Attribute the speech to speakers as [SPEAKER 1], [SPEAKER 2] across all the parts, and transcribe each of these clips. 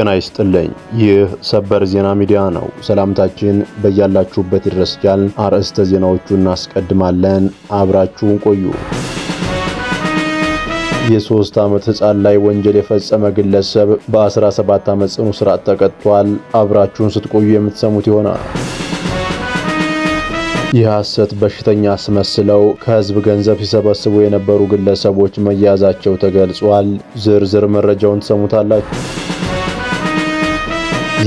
[SPEAKER 1] ጤና ይስጥልኝ። ይህ ሰበር ዜና ሚዲያ ነው። ሰላምታችን በያላችሁበት ይድረስጃል። አርዕስተ ዜናዎቹን እናስቀድማለን። አብራችሁን ቆዩ። የሶስት ዓመት ህፃን ላይ ወንጀል የፈጸመ ግለሰብ በ17 ዓመት ጽኑ እስራት ተቀጥቷል። አብራችሁን ስትቆዩ የምትሰሙት ይሆናል። የሐሰት በሽተኛ አስመስለው ከህዝብ ገንዘብ ሲሰበስቡ የነበሩ ግለሰቦች መያዛቸው ተገልጿል። ዝርዝር መረጃውን ትሰሙታላችሁ።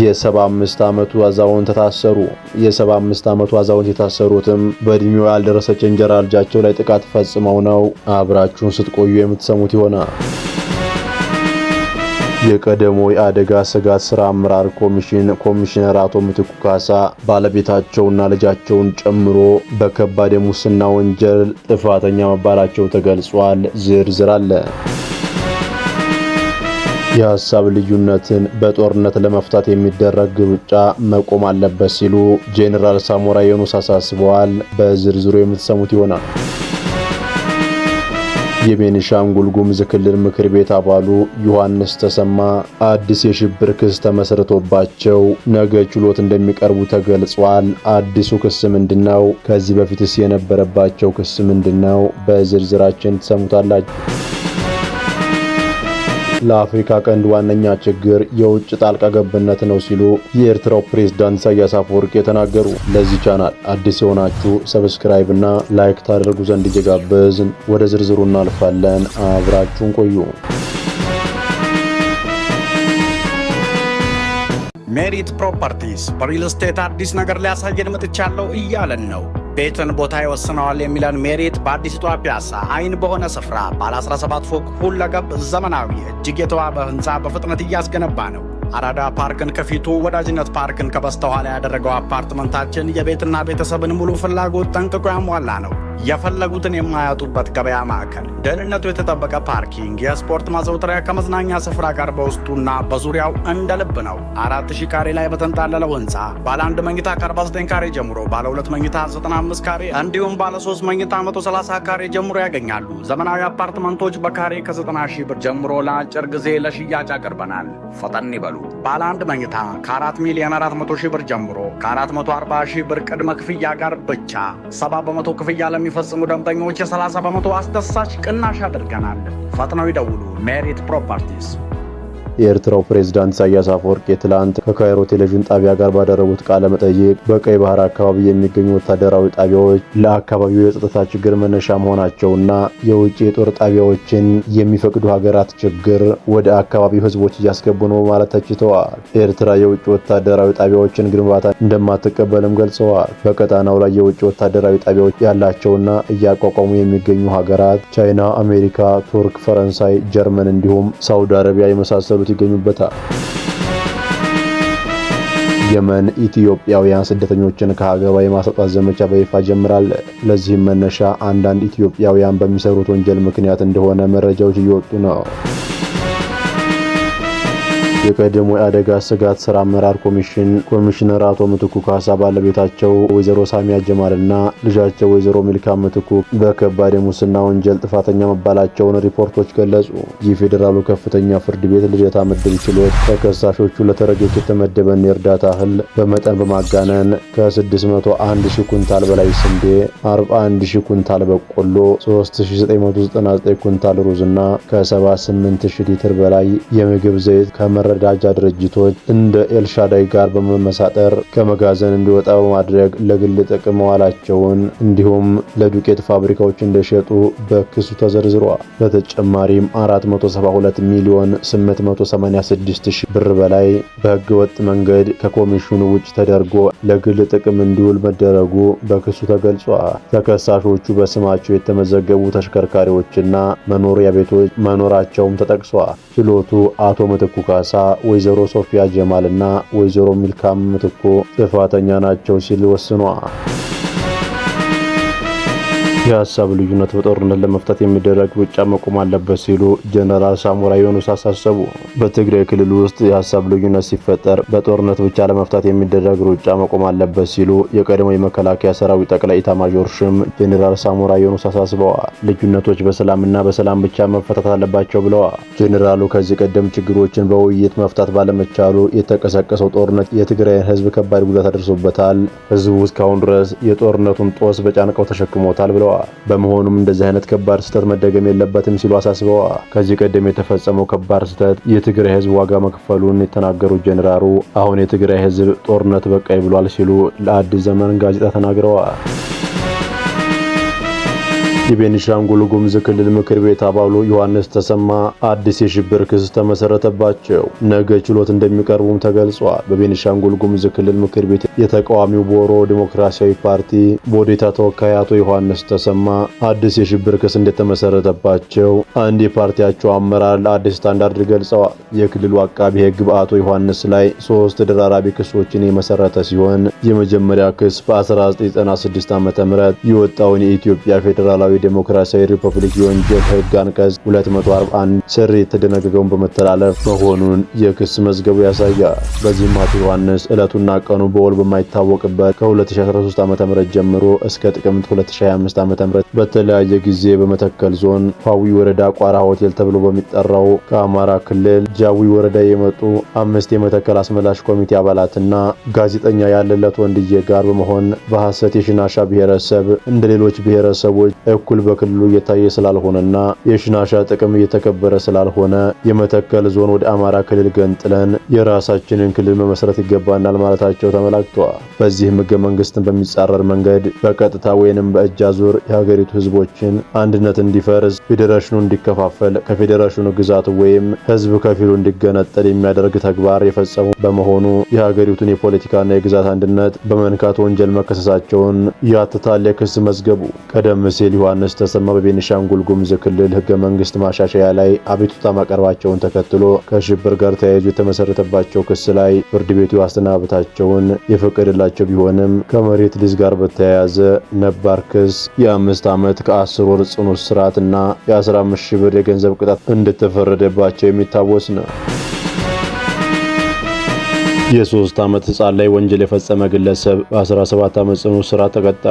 [SPEAKER 1] የ75 ዓመቱ አዛውንት ታሰሩ። የ75 ዓመቱ አዛውንት የታሰሩትም በእድሜው ያልደረሰች እንጀራ ልጃቸው ላይ ጥቃት ፈጽመው ነው። አብራችሁን ስትቆዩ የምትሰሙት ይሆናል። የቀደሞ የአደጋ ስጋት ስራ አመራር ኮሚሽን ኮሚሽነር አቶ ምትኩ ካሳ ባለቤታቸውና ልጃቸውን ጨምሮ በከባድ የሙስና ወንጀል ጥፋተኛ መባላቸው ተገልጿል። ዝርዝር አለ። የሀሳብ ልዩነትን በጦርነት ለመፍታት የሚደረግ ሩጫ መቆም አለበት ሲሉ ጄኔራል ሳሞራ የኑስ አሳስበዋል። በዝርዝሩ የምትሰሙት ይሆናል። የቤኒሻንጉል ጉሙዝ ክልል ምክር ቤት አባሉ ዮሐንስ ተሰማ አዲስ የሽብር ክስ ተመስርቶባቸው ነገ ችሎት እንደሚቀርቡ ተገልጿል። አዲሱ ክስ ምንድነው? ከዚህ በፊትስ የነበረባቸው ክስ ምንድነው? በዝርዝራችን ትሰሙታላችሁ። ለአፍሪካ ቀንድ ዋነኛ ችግር የውጭ ጣልቃ ገብነት ነው ሲሉ የኤርትራው ፕሬዝዳንት ኢሳያስ አፈወርቅ የተናገሩ። ለዚህ ቻናል አዲስ የሆናችሁ ሰብስክራይብ እና ላይክ ታደርጉ ዘንድ እየጋበዝን ወደ ዝርዝሩ እናልፋለን። አብራችሁን ቆዩ።
[SPEAKER 2] ሜሪት ፕሮፐርቲስ በሪል ስቴት አዲስ ነገር ሊያሳየን መጥቻለሁ እያለን ነው ቤትን ቦታ ይወስነዋል የሚለን ሜሪት በአዲስቷ ፒያሳ አይን በሆነ ስፍራ ባለ 17 ፎቅ ሁለገብ ዘመናዊ እጅግ የተዋበ ህንፃ በፍጥነት እያስገነባ ነው። አራዳ ፓርክን ከፊቱ ወዳጅነት ፓርክን ከበስተኋላ ያደረገው አፓርትመንታችን የቤትና ቤተሰብን ሙሉ ፍላጎት ጠንቅቆ ያሟላ ነው። የፈለጉትን የማያጡበት ገበያ ማዕከል፣ ደህንነቱ የተጠበቀ ፓርኪንግ፣ የስፖርት ማዘውተሪያ ከመዝናኛ ስፍራ ጋር በውስጡና በዙሪያው እንደ ልብ ነው። አራት ሺህ ካሬ ላይ በተንጣለለው ህንፃ ባለ አንድ መኝታ ከ49 ካሬ ጀምሮ ባለ ሁለት መኝታ 95 ካሬ እንዲሁም ባለ ሶስት መኝታ 130 ካሬ ጀምሮ ያገኛሉ። ዘመናዊ አፓርትመንቶች በካሬ ከ90 ሺህ ብር ጀምሮ ለአጭር ጊዜ ለሽያጭ አቅርበናል። ፈጠን ይበሉ። ባለ አንድ መኝታ ከ4 ሚሊዮን 400 ሺህ ብር ጀምሮ ከ440 ሺህ ብር ቅድመ ክፍያ ጋር ብቻ 70 በመቶ ክፍያ ለሚፈጽሙ ደንበኞች የ30 በመቶ አስደሳች ቅናሽ አድርገናል። ፈጥነው ይደውሉ። ሜሪት ፕሮፐርቲስ
[SPEAKER 1] የኤርትራው ፕሬዝዳንት ኢሳያስ አፈወርቂ ትላንት ከካይሮ ቴሌቪዥን ጣቢያ ጋር ባደረጉት ቃለ መጠይቅ በቀይ ባህር አካባቢ የሚገኙ ወታደራዊ ጣቢያዎች ለአካባቢው የጸጥታ ችግር መነሻ መሆናቸውና የውጭ የጦር ጣቢያዎችን የሚፈቅዱ ሀገራት ችግር ወደ አካባቢው ህዝቦች እያስገቡ ነው በማለት ተችተዋል። ኤርትራ የውጭ ወታደራዊ ጣቢያዎችን ግንባታ እንደማትቀበልም ገልጸዋል። በቀጣናው ላይ የውጭ ወታደራዊ ጣቢያዎች ያላቸውና እያቋቋሙ የሚገኙ ሀገራት ቻይና፣ አሜሪካ፣ ቱርክ፣ ፈረንሳይ፣ ጀርመን እንዲሁም ሳውዲ አረቢያ የመሳሰሉት ስደተኞች ይገኙበታል። የመን ኢትዮጵያውያን ስደተኞችን ከሀገሯ የማስወጣት ዘመቻ በይፋ ጀምራል። ለዚህም መነሻ አንዳንድ ኢትዮጵያውያን በሚሰሩት ወንጀል ምክንያት እንደሆነ መረጃዎች እየወጡ ነው። የቀድሞ የአደጋ ስጋት ስራ አመራር ኮሚሽን ኮሚሽነር አቶ ምትኩ ካሳ ባለቤታቸው ወይዘሮ ሳሚያ ጀማልና ልጃቸው ወይዘሮ ሚልካ ምትኩ በከባድ የሙስና ወንጀል ጥፋተኛ መባላቸውን ሪፖርቶች ገለጹ። የፌዴራሉ ከፍተኛ ፍርድ ቤት ልደታ ምድብ ችሎት ተከሳሾቹ ለተረጆች የተመደበን የእርዳታ እህል በመጠን በማጋነን ከ601 ሺህ ኩንታል በላይ ስንዴ፣ 41 ሺህ ኩንታል በቆሎ፣ 3999 ኩንታል ሩዝና ከ78 ሺህ ሊትር በላይ የምግብ ዘይት ከመረ መረዳጃ ድርጅቶች እንደ ኤልሻዳይ ጋር በመመሳጠር ከመጋዘን እንዲወጣ በማድረግ ለግል ጥቅም መዋላቸውን እንዲሁም ለዱቄት ፋብሪካዎች እንደሸጡ በክሱ ተዘርዝሯል። በተጨማሪም 472 ሚሊዮን 886 ሺህ ብር በላይ በህገወጥ መንገድ ከኮሚሽኑ ውጭ ተደርጎ ለግል ጥቅም እንዲውል መደረጉ በክሱ ተገልጿል። ተከሳሾቹ በስማቸው የተመዘገቡ ተሽከርካሪዎችና መኖሪያ ቤቶች መኖራቸውም ተጠቅሷል። ችሎቱ አቶ ምትኩ ካሳ ወይዘሮ ሶፊያ ጀማል እና ወይዘሮ ሚልካም ምትኮ ጥፋተኛ ናቸው ሲል ወስኗል። የሀሳብ ልዩነት በጦርነት ለመፍታት የሚደረግ ሩጫ መቆም አለበት ሲሉ ጀነራል ሳሞራ ዮኑስ አሳሰቡ። በትግራይ ክልል ውስጥ የሀሳብ ልዩነት ሲፈጠር በጦርነት ብቻ ለመፍታት የሚደረግ ሩጫ መቆም አለበት ሲሉ የቀድሞ የመከላከያ ሰራዊት ጠቅላይ ኢታማዦር ሹም ጀኔራል ሳሞራ ዮኑስ አሳስበዋል። ልዩነቶች በሰላምና በሰላም ብቻ መፈታት አለባቸው ብለዋል። ጄኔራሉ ከዚህ ቀደም ችግሮችን በውይይት መፍታት ባለመቻሉ የተቀሰቀሰው ጦርነት የትግራይን ህዝብ ከባድ ጉዳት አድርሶበታል። ህዝቡ እስካሁን ድረስ የጦርነቱን ጦስ በጫንቀው ተሸክሞታል ብለዋል። አሳስበዋል። በመሆኑም እንደዚህ አይነት ከባድ ስህተት መደገም የለበትም ሲሉ አሳስበዋል። ከዚህ ቀደም የተፈጸመው ከባድ ስህተት የትግራይ ህዝብ ዋጋ መክፈሉን የተናገሩት ጄኔራሉ አሁን የትግራይ ህዝብ ጦርነት በቃኝ ብሏል ሲሉ ለአዲስ ዘመን ጋዜጣ ተናግረዋል። የቤኒሻንጉል ጉምዝ ክልል ምክር ቤት አባሉ ዮሐንስ ተሰማ አዲስ የሽብር ክስ ተመሰረተባቸው። ነገ ችሎት እንደሚቀርቡም ተገልጿል። በቤኒሻንጉል ጉምዝ ክልል ምክር ቤት የተቃዋሚው ቦሮ ዲሞክራሲያዊ ፓርቲ ቦዴታ ተወካይ አቶ ዮሐንስ ተሰማ አዲስ የሽብር ክስ እንደተመሰረተባቸው አንድ የፓርቲያቸው አመራር ለአዲስ ስታንዳርድ ገልጸዋል። የክልሉ አቃቢ ሕግ በአቶ ዮሐንስ ላይ ሶስት ተደራራቢ ክሶችን የመሰረተ ሲሆን የመጀመሪያ ክስ በ1996 ዓ ም የወጣውን የኢትዮጵያ ፌዴራላዊ ዴሞክራሲያዊ ሪፐብሊክ የወንጀል ሕግ አንቀጽ 241 ስር የተደነገገውን በመተላለፍ መሆኑን የክስ መዝገቡ ያሳያል። በዚህም አቶ ዮሐንስ ዕለቱና ቀኑ በወል በማይታወቅበት ከ2013 ዓ ም ጀምሮ እስከ ጥቅምት 2025 ዓ ም በተለያየ ጊዜ በመተከል ዞን ፋዊ ወረዳ ቋራ ሆቴል ተብሎ በሚጠራው ከአማራ ክልል ጃዊ ወረዳ የመጡ አምስት የመተከል አስመላሽ ኮሚቴ አባላትና ጋዜጠኛ ያለለት ወንድዬ ጋር በመሆን በሐሰት የሽናሻ ብሔረሰብ እንደ ሌሎች ብሔረሰቦች በኩል በክልሉ እየታየ ስላልሆነና የሽናሻ ጥቅም እየተከበረ ስላልሆነ የመተከል ዞን ወደ አማራ ክልል ገንጥለን የራሳችንን ክልል መመስረት ይገባናል ማለታቸው ተመላክተዋል። በዚህም ህገ መንግስትን በሚጻረር መንገድ በቀጥታ ወይንም በእጅ አዙር የሀገሪቱ ህዝቦችን አንድነት እንዲፈርስ፣ ፌዴሬሽኑ እንዲከፋፈል፣ ከፌዴሬሽኑ ግዛት ወይም ህዝብ ከፊሉ እንዲገነጠል የሚያደርግ ተግባር የፈጸሙ በመሆኑ የሀገሪቱን የፖለቲካና የግዛት አንድነት በመንካት ወንጀል መከሰሳቸውን ያትታል የክስ መዝገቡ። ቀደም ሲል ዮሐንስ ዮሐንስ ተሰማ በቤኒሻንጉል ጉሙዝ ክልል ህገ መንግስት ማሻሻያ ላይ አቤቱታ ማቅረባቸውን ተከትሎ ከሽብር ጋር ተያይዞ የተመሰረተባቸው ክስ ላይ ፍርድ ቤቱ አስተናበታቸውን የፈቀደላቸው ቢሆንም ከመሬት ሊዝ ጋር በተያያዘ ነባር ክስ የአምስት ዓመት ከአስር ወር ጽኑ እስራትና የ15 ሺህ ብር የገንዘብ ቅጣት እንደተፈረደባቸው የሚታወስ ነው። የሶስት ዓመት ህፃን ላይ ወንጀል የፈጸመ ግለሰብ በ17 ዓመት ጽኑ እስራት ተቀጣ።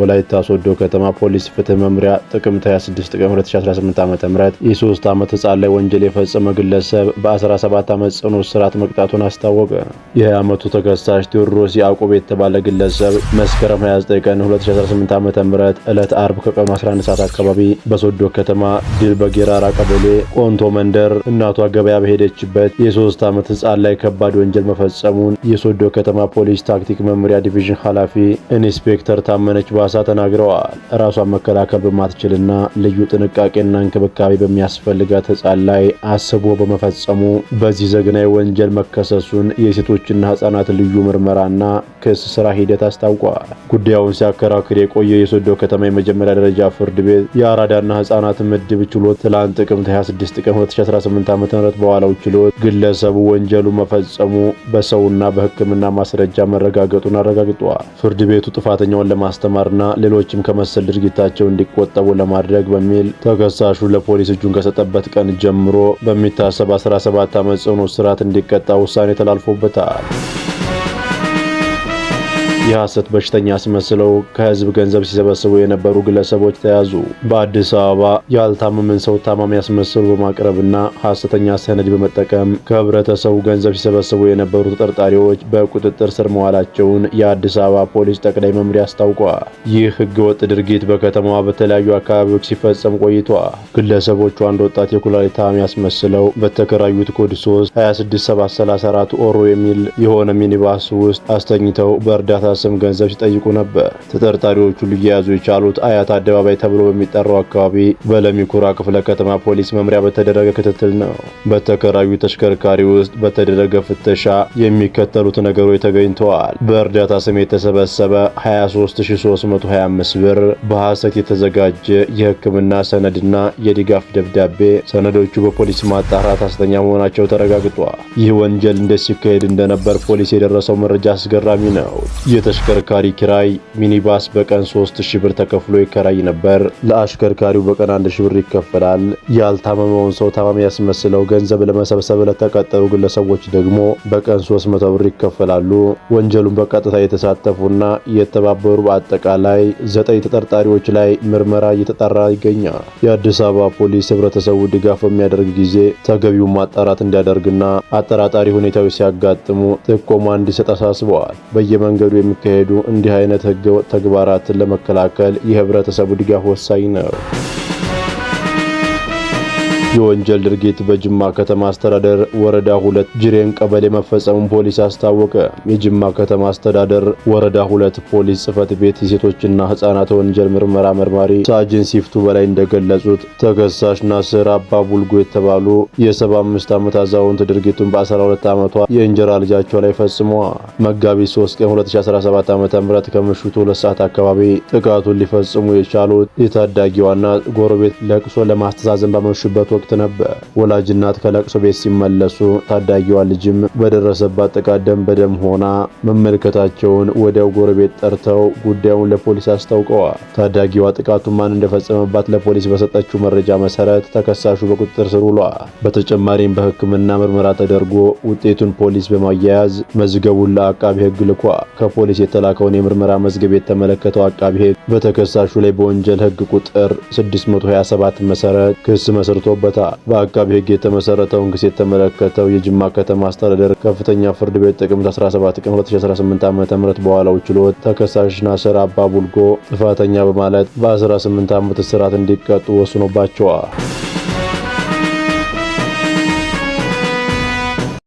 [SPEAKER 1] ወላይታ ሶዶ ከተማ ፖሊስ ፍትህ መምሪያ ጥቅምት 26 ቀን 2018 የሶስት ዓመት ህፃን ላይ ወንጀል የፈጸመ ግለሰብ በ17 ዓመት ጽኑ እስራት መቅጣቱን አስታወቀ። የ20 ዓመቱ ተከሳሽ ቴዎድሮስ ያዕቆብ የተባለ ግለሰብ መስከረም 29 ቀን 2018 ዓ.ም ዕለት አርብ ከቀኑ 11 ሰዓት አካባቢ በሶዶ ከተማ ድል በጌራራ ቀበሌ ቆንቶ መንደር እናቷ ገበያ በሄደችበት የሶስት ዓመት ህፃን ላይ ከባድ ወንጀል መፈጸ መፈጸሙን የሶዶ ከተማ ፖሊስ ታክቲክ መምሪያ ዲቪዥን ኃላፊ ኢንስፔክተር ታመነች ባሳ ተናግረዋል። ራሷን መከላከል በማትችልና ልዩ ጥንቃቄና እንክብካቤ በሚያስፈልጋት ህጻን ላይ አስቦ በመፈጸሙ በዚህ ዘግናዊ ወንጀል መከሰሱን የሴቶችና ህጻናት ልዩ ምርመራና ክስ ስራ ሂደት አስታውቋል። ጉዳዩን ሲያከራክር የቆየ የሶዶ ከተማ የመጀመሪያ ደረጃ ፍርድ ቤት የአራዳና ህጻናት ምድብ ችሎት ትላንት ጥቅምት 26 ቀን 2018 ዓ ም በኋላው ችሎት ግለሰቡ ወንጀሉ መፈጸሙ በሰ ደረሰውና በሕክምና ማስረጃ መረጋገጡን አረጋግጧል። ፍርድ ቤቱ ጥፋተኛውን ለማስተማርና ሌሎችም ከመሰል ድርጊታቸው እንዲቆጠቡ ለማድረግ በሚል ተከሳሹ ለፖሊስ እጁን ከሰጠበት ቀን ጀምሮ በሚታሰብ 17 ዓመት ጽኑ እስራት እንዲቀጣ ውሳኔ ተላልፎበታል። የሐሰት በሽተኛ አስመስለው ከህዝብ ገንዘብ ሲሰበስቡ የነበሩ ግለሰቦች ተያዙ። በአዲስ አበባ ያልታመመን ሰው ታማሚ ያስመስሉ በማቅረብና ሐሰተኛ ሰነድ በመጠቀም ከህብረተሰቡ ገንዘብ ሲሰበስቡ የነበሩ ተጠርጣሪዎች በቁጥጥር ስር መዋላቸውን የአዲስ አበባ ፖሊስ ጠቅላይ መምሪያ አስታውቋል። ይህ ህገወጥ ድርጊት በከተማዋ በተለያዩ አካባቢዎች ሲፈጸም ቆይቷል። ግለሰቦቹ አንድ ወጣት የኩላሊት ታማሚ ያስመስለው በተከራዩት ኮድ 3 26 ኦሮ የሚል የሆነ ሚኒባስ ውስጥ አስተኝተው በእርዳታ ስም ገንዘብ ሲጠይቁ ነበር። ተጠርጣሪዎቹ ሊያያዙ የቻሉት አያት አደባባይ ተብሎ በሚጠራው አካባቢ በለሚኩራ ክፍለ ከተማ ፖሊስ መምሪያ በተደረገ ክትትል ነው። በተከራዩ ተሽከርካሪ ውስጥ በተደረገ ፍተሻ የሚከተሉት ነገሮች ተገኝተዋል። በእርዳታ ስም የተሰበሰበ 23325 ብር፣ በሐሰት የተዘጋጀ የሕክምና ሰነድና የድጋፍ ደብዳቤ። ሰነዶቹ በፖሊስ ማጣራት ሐሰተኛ መሆናቸው ተረጋግጧል። ይህ ወንጀል እንዴት ሲካሄድ እንደነበር ፖሊስ የደረሰው መረጃ አስገራሚ ነው። የተሽከርካሪ ኪራይ ሚኒባስ በቀን 3000 ብር ተከፍሎ ይከራይ ነበር። ለአሽከርካሪው በቀን 1000 ብር ይከፈላል። ያልታመመውን ሰው ታማሚ ያስመስለው ገንዘብ ለመሰብሰብ ለተቀጠሩ ግለሰቦች ደግሞ በቀን 300 ብር ይከፈላሉ። ወንጀሉን በቀጥታ የተሳተፉና የተባበሩ በአጠቃላይ ዘጠኝ ተጠርጣሪዎች ላይ ምርመራ እየተጣራ ይገኛል። የአዲስ አበባ ፖሊስ ህብረተሰቡ ድጋፍ በሚያደርግ ጊዜ ተገቢውን ማጣራት እንዲያደርግና አጠራጣሪ ሁኔታዎች ሲያጋጥሙ ጥቆማ እንዲሰጥ አሳስበዋል። በየመንገዱ የሚ የሚካሄዱ እንዲህ አይነት ህገወጥ ተግባራትን ለመከላከል የህብረተሰቡ ድጋፍ ወሳኝ ነው። የወንጀል ድርጊት በጅማ ከተማ አስተዳደር ወረዳ ሁለት ጅሬን ቀበሌ መፈጸሙን ፖሊስ አስታወቀ። የጅማ ከተማ አስተዳደር ወረዳ ሁለት ፖሊስ ጽህፈት ቤት የሴቶችና ህጻናት ወንጀል ምርመራ መርማሪ ሳጅን ሲፍቱ በላይ እንደገለጹት ተከሳሽ ናስር አባ ቡልጎ የተባሉ የ75 ዓመት አዛውንት ድርጊቱን በ12 ዓመቷ የእንጀራ ልጃቸው ላይ ፈጽመዋል። መጋቢት 3 ቀን 2017 ዓ.ም ከምሽቱ ሁለት ሰዓት አካባቢ ጥቃቱን ሊፈጽሙ የቻሉት የታዳጊዋና ጎረቤት ለቅሶ ለማስተዛዘን ባመሹበት ወቅት ወቅት ነበር። ወላጅ እናት ከለቅሶ ቤት ሲመለሱ ታዳጊዋ ልጅም በደረሰባት ጥቃት ደም በደም ሆና መመልከታቸውን ወዲያው ጎረቤት ጠርተው ጉዳዩን ለፖሊስ አስታውቀዋል። ታዳጊዋ ጥቃቱ ማን እንደፈጸመባት ለፖሊስ በሰጠችው መረጃ መሰረት ተከሳሹ በቁጥጥር ስር ውሏል። በተጨማሪም በሕክምና ምርመራ ተደርጎ ውጤቱን ፖሊስ በማያያዝ መዝገቡን ለአቃቢ ሕግ ልኳል። ከፖሊስ የተላከውን የምርመራ መዝገብ የተመለከተው አቃቢ ሕግ በተከሳሹ ላይ በወንጀል ሕግ ቁጥር 627 መሰረት ክስ መስርቶበት ችሎታ በአቃቢ ህግ የተመሰረተውን ክስ የተመለከተው የጅማ ከተማ አስተዳደር ከፍተኛ ፍርድ ቤት ጥቅምት 17 ቀን 2018 ዓ.ም በኋላው ችሎት ተከሳሽ ናስር አባ ቡልጎ ጥፋተኛ በማለት በ18 ዓመት እስራት እንዲቀጡ ወስኖባቸዋል።